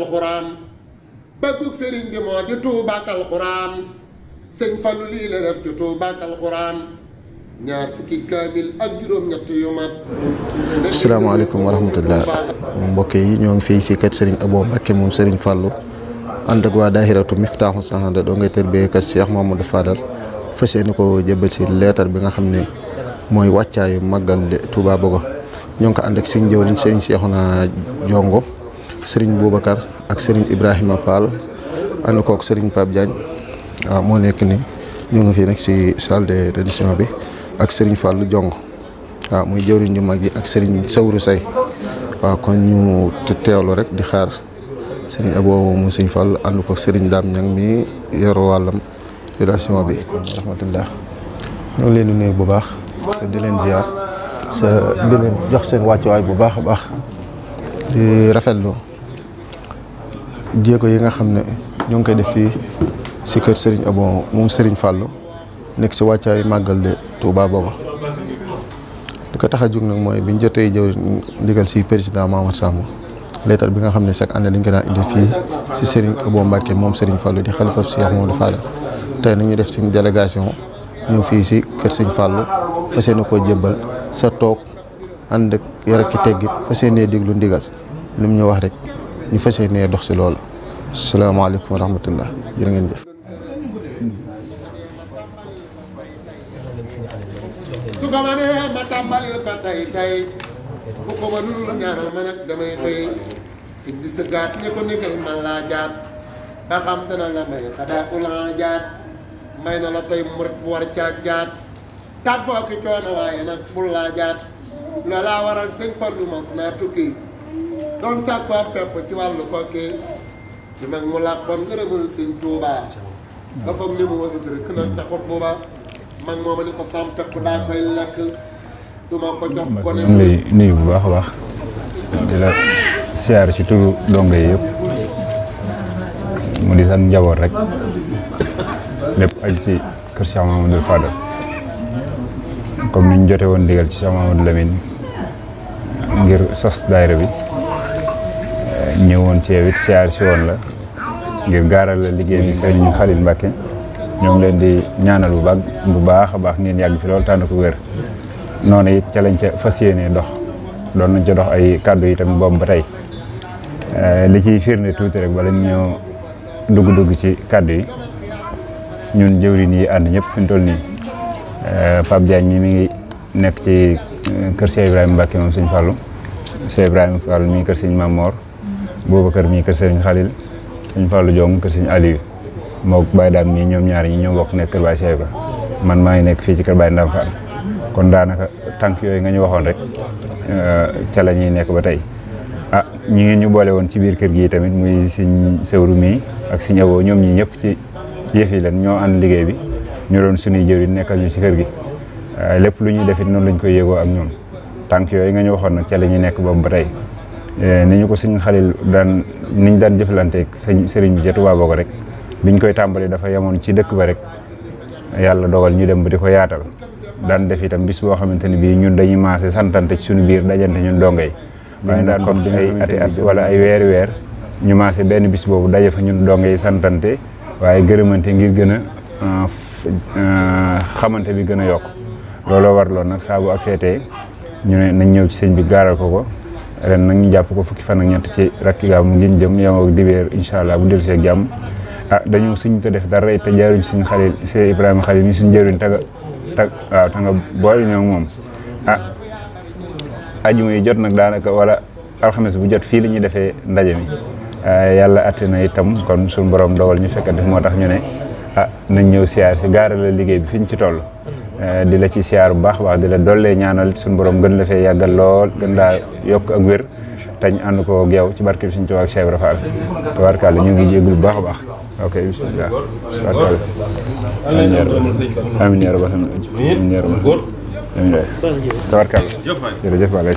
alxuraan bëggug sëriñ bi mbokk yi ñoo ngi fii si kër sëriñ Abo Mbàkke moom sëriñ Fallu ànd ak waa daahiratu Miftaaxu Saxaada doo ngay tërbee kat Cheikh Mamadou Fadal fas yéene ko jëbal si leetar bi nga xam ne mooy wàccaayu màggal Touba Bogo ñoo ngi ko ànd ak sëñ jëwriñ Jongo serigne boubacar ak serigne ibrahima fall anu ko ak serigne pape diagne ah, mo nek ni ñu ngi fi nek ci salle de rédaction bi ak serigne fall jong waaw ah, muy jëwriñ ñu magi ak serigne sawru say ah, wa kon ñu teewlu rek di xaar serigne abou mo serigne fall anou ko serigne dam ñang mi yor walam relation bi rahmatullah ñu leen nuyu bu baax di leen ziar sa di leen jox seen ay bu baax baax di rafetlu jéego yi nga xamné ñong koy def fi ci kër Serigne Abo moom Serigne Fallou nek ci waccay magal de Touba baba diko ko nak moy biñu nag jëw ndigal ci président Mamadou sambo lettre bi nga xamné chaque année dañ ko daan indi fi ci Serigne Abo mbacké mom Serigne Fallou di xalifa Cheikh Mamadou Fall tay ñu def ci délégation ñëw fi ci kër Serigne Fallou fassé yéene koo sa tok and ak yar ak ki teggit fas yéene déglu ndigal lim ñu wax rek ñu fassé né dox si loolu salaamaaleykum wa rahmatullah jërë ngeen def su ko mané ma tambal ko tay tay bu ko ma dul ñaanal ma nak damay xey ci bi sa gaat ña ko nekkal man la jaat ba xam dana la may xada ko la jaat may na la tey murit bu war caag jaat tàggoo ci coono waaye nak bu la jaat loolaa waral seug fallu mas na tukki doon sàkkuwaat pepp ci wàllu kokki ci mag mu làqoon ngërëmul sëñ mu wasut rek nag taxut booba ni ko sam pepp daa koy lay nuyu bu baax a baax di la siyaar ci turu dongo yi yëpp mu di san njaboot rek lépp aju ci kër Cheikh Mamadou Fadal comme ni ñu jote woon digal ci ngir sos daayira bi ñëwoon ci it siyaar si woon la ngir gaaral la liggéey bi sëriñ Khalil Mbacke ñoo leen di ñaanal bu baax bu baax a baax ngeen yàgg fi loolu tànn ko wér noonu it ca lañ ca fas yéenee dox doon nañ ca dox ay kàddu itam boobu ba tey eh, li ciy firnde tuuti rek bala ñoo dugg-dugg ci kàddu yi ñun jëwriñ yi ànd ñëpp fi mu toll nii eh, Pape Diagne mi mi ngi nekk ci eh, kër Cheikh Ibrahima Mbacke moom Sëñ Fallou Cheikh Ibrahima Fall mi kër Sëñ Mamor Boubacar mi ke Serigne Khalil Serigne Fallou Diom ke Serigne Aliou moog Baye Dame mii ñoom ñaar ñi ñoo bok nek kër Baye Cheikh man maa ngi nekk fii ci kër Baye Ndam Fall kon daanaka tank yoy nga ñu waxon rek euh la ñuy nekk ba tay ah ñi ngeen ñu bolé won ci biir kër gi tamit muy Serigne Sewru mi ak Serigne Abo ñom ñi ñep ci yëf yi lan ñoo and liggéey bi ñu doon suñu jëw nekkal ñu ci kër gi euh, lepp lu ñuy defit non lañ koy yëgoo ak ñom tank yoy nga ñu waxon nak ci la nek nekk ba tay Eh, ni ñu ko sëñ Xalil daan niñ daan jëflanteeg sëñ sëriñ bi ca Tuubaa boobu rek biñ koy tàmbali dafa yemoon ci dëkk ba rek yàlla dogal ñu dem ba di ko yaatal daan def itam boo xamante ni bii ñun dañuy maase santante ci suñu biir dajante ñun donga yi waaye daan kon ay ati at wala ay weeri weer ñu maase benn bis boobu daje fa ñun donga yi santante waaye gërëmante ngir gën a ah, ah, xamante bi gën a yokk war warloon nag saa bu ak seetee ñu ne ñëw ci sëñ bi gaaral ko ko ren nak ñu jàpp ko fukki fan ak ñett ci rakki gaamu ngin jëm yow ak diwer inshallah allah bu dellu see jàmm ah dañu suñ te def dara te jaaruñ suñ xalil see ibrahim xalil ni suñ jaaruñ tag tag waaw tanga boy ñoo mom ah aji yi jot nak daanaka wala alxames bu jot fi li ñuy defé ndaje mi ah, yàlla atte na itam kon suñ borom dogal ñu fekk def motax ñu ne ah nañ ñew siar ci gaara la liggey bi fiñ ci tollu Eh, di la ci siyaar bu baax baax di la dollee ñaanal suñu borom gën la fee yàggal lool gën la yokk ak wér tañ ànd ko ak yow ci barkeb Sëriñ Tuubaa ak Cheikh Ibra Fall tabarkalla ñu ngi jéegul bu baax a baax ok bismillah tabarkalla amiin yaa rabbal amiin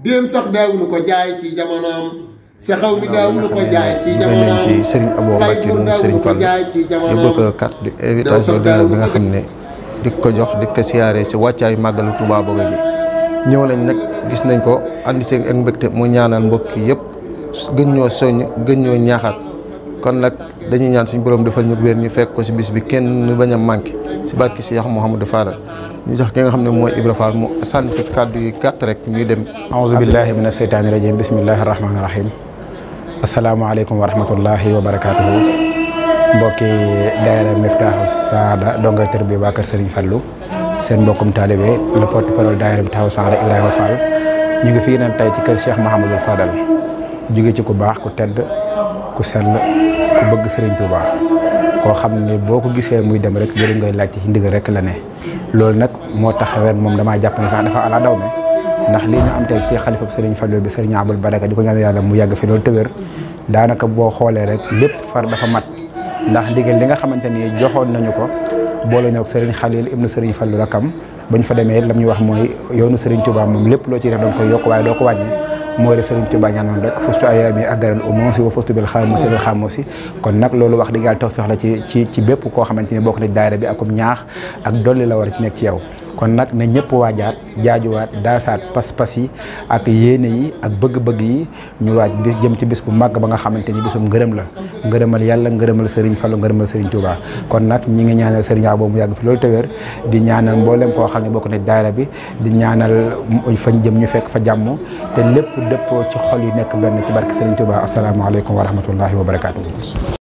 déem sax daawuñu ko jaay ci jamonoom sa xaw mi daawuñu ko jaay ci jamonoom dem nañ ci ko carte d'invitation d'honneur bi nga xam ne di ko jox di ko siyaare si wàccaayu màggalu Touba Bogo gi ñëw nañ nag gis nañ ko andi seen ak mbégte mu ñaanal mbokk yëpp gën ñoo soññ gën ñoo ñaaxaat kon nag dañuy ñaan suñu borom defal ñu wér ñu fekk ko si bis bi kenn bañ a manqué si barki si yax Mouhamadou Fadal ñu jox ki nga xam ne mooy Ibra Fall mu sànni kàddu yi gàtt rek ñuy dem aouzu billahi mina seytaani rajim bismillahi rahmaani rahim asalaamaaleykum wa rahmatullahi wa barakaatuhu mbokki daayira Miftaahu Saada donga tër bi waa kër Serigne Fallou seen mbokkum taalibe le porte parole daayira Miftaahu Saada Ibrahima Fall ñu ngi fii nag tey ci kër Cheikh Mouhamadou Fadal jóge ci ku baax ku tedd ku sell ku bëgg Serigne Touba koo xam ne boo ko gisee muy dem rek jëriñ ngay laajte ci ndigal rek la ne loolu nag moo tax ren moom damaa jàpp ne sax dafa ala daw me ndax lii ñu am tey ci xalifa Serigne Fallou bi Serigne Abdou Baraka di ko ñaan yàlla mu yàgg fi loolu te wér boo xoolee rek lépp far dafa mat ndax ndigal li nga xamante ni joxoon nañu ko boole ñoog Serigne Khalil ibnu Serigne Fallou rakam bañ fa demee lam ñu wax mooy yoonu Serigne Touba moom lépp loo ciy def danga koy yokk waaye doo ko wàññi mooy la Serigne Touba ñaanoon rek fustu ayaami addaral umonsi wa fustu bil xaamosi bil xaamosi kon nag loolu wax dëgg yàlla tawfeex ci ci ci bépp koo xamante ne bokk na daayira bi akum ñaax ak dolli la war ci nekk ci yow kon nag na ñëpp jaaju jaajuwaat daasaat pas-pas yi ak yene yi ak bëgg-bëgg yi ñu waaj bis jëm ci bis bu mag ba nga xamanteni bisum ngërëm la ngërëmal yalla ngërëmal Serigne fallu ngërëmal Serigne Touba kon nak ñi nga ñaanal Serigne Abo mu yag fi lol tewer di ñaanal ko xamni bokku ne bi di ñaanal fañ jëm ñu fekk fa jamm te lepp depp ci xol yi nekk ben ci barke Serigne Touba alaykum wa rahmatullahi wa barakatuh